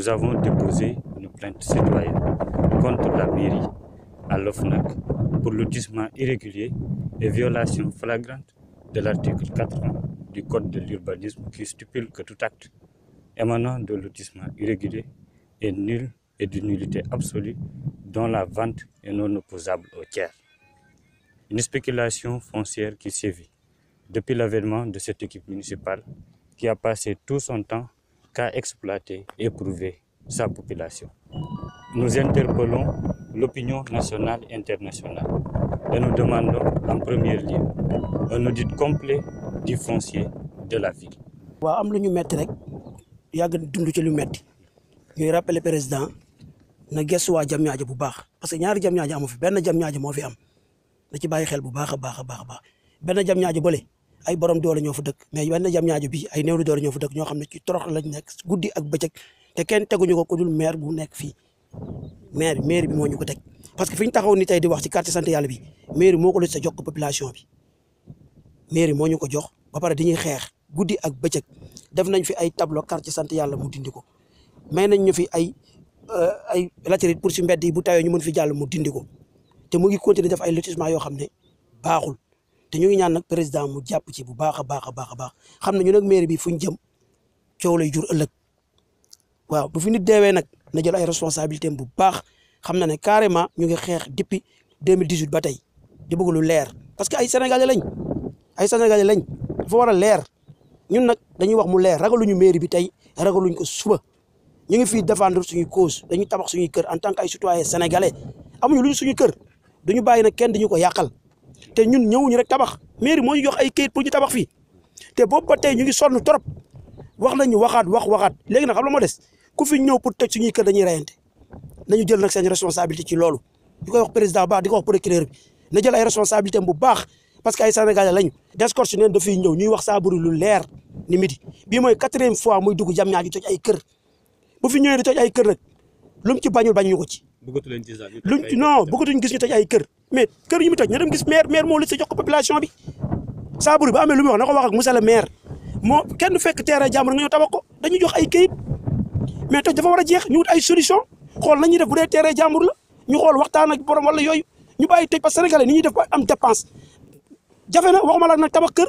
nous avons déposé une plainte citoyenne contre la mairie à l'OFNAC pour lotissement irrégulier et violation flagrante de l'article 4 du Code de l'urbanisme qui stipule que tout acte émanant de lotissement irrégulier est nul et d'une nullité absolue dont la vente est non opposable au tiers. Une spéculation foncière qui sévit depuis l'avènement de cette équipe municipale qui a passé tout son temps qu'a exploité et éprouvé sa population. Nous interpellons l'opinion nationale et internationale et nous demandons en premier lieu un audit complet du foncier de la ville. waaw am lu ñu metti rek yàgg dund ci lu metti ñuy rappeler président na gëstu waa Diamniadio bu baax parce que ñaari Diamniadio amu fi benn Diamniadio moo fi am na ci bàyyi xel bu baax a baax a baax a baax benn Diamniadio bële ay borom doole ñoo fa dëkk mais benn jam ñaajo bi ay néew doole ñoo fa dëkk ñoo xam ne ci torox lañ nekk guddi ak bëccëg te kenn teguñu ko ku dul maire bu nekk fii maire mair bi moo ñu ko teg parce que fi ñu taxaw ni tey di wax ci quartier sant yàlla bi maire moo ko lu sa jox population bi maire moo ñu ko jox ba pare dañuy xeex guddi ak bëccëg def nañ fi ay tableau quartier sant yàlla mu dindi ko mais nañ ñu fi ay euh, ay latérite pour si mbedd yi bu tawee ñu mën fi jàll mu dindi ko te mu ngi continuer def ay lotissement yoo xam ne baaxul te ñu ngi ñaan nag président mu jàpp ci bu baax baax a baax a baax xam ne ñu nag mairie bi fu jëm coow lay jur ëllëg waaw bu fi nit deewee nag na jël ay responsabilité bu baax xam na ne carrément ñu ngi xeex depuis 2018 ba tey di bëgg lu leer parce que ay sénégalais lañ ay sénégalais lañ dafa war a leer ñun nag dañuy wax mu leer ñu mairie bi tey ragaluñ ko suba ñu ngi fii défendre suñu cause dañuy tabax suñuy kër en tant que ay citoyen sénégalais amuñu luñu suñu kër duñu bàyyi nag kenn dañu ko yàqal te ñun ñëwuñu rek tabax mairie mooy ñu jox ay kayit pour ñu tabax fii te boobu ba tey ñu ngi sonn trop wax nañu waxaat wax waxaat léegi nag xam la moo des ku fi ñëw pour toj suñuy kër dañuy rayante nañu jël nag seen responsabilité ci loolu di koy wax président baax di ko wax procureur bi na jël ay responsabilité bu baax parce que ay sénégalais lañu descorche neen dafay ñëw ñuy wax saa buri lu leer ni midi bii mooy quatrième fois muy dugg jam ñaa ji toj ay kër bu fi ñëwee di toj ay kër nag lu mu ci bañul bañuñu ko ci luñ non bëggatuñ gis ñu toj ay kër mais kër yi mu toj na dem gis maire maire moo liste jox ko population bi Saaburi ba amee lu muy wax na ko wax ak monsieur le maire moo kenn fekk terrain jàmbur nga ñëw tabax ko dañuy jox ay këyit mais toj dafa war a jeex ñu wut ay solution xool na ñuy def bu dee terrain jàmbur la ñu xool waxtaan ak borom wala yooyu ñu bàyyi toj parce que ni ñuy def ba am dépense jafe na waxuma la nag tabax kër.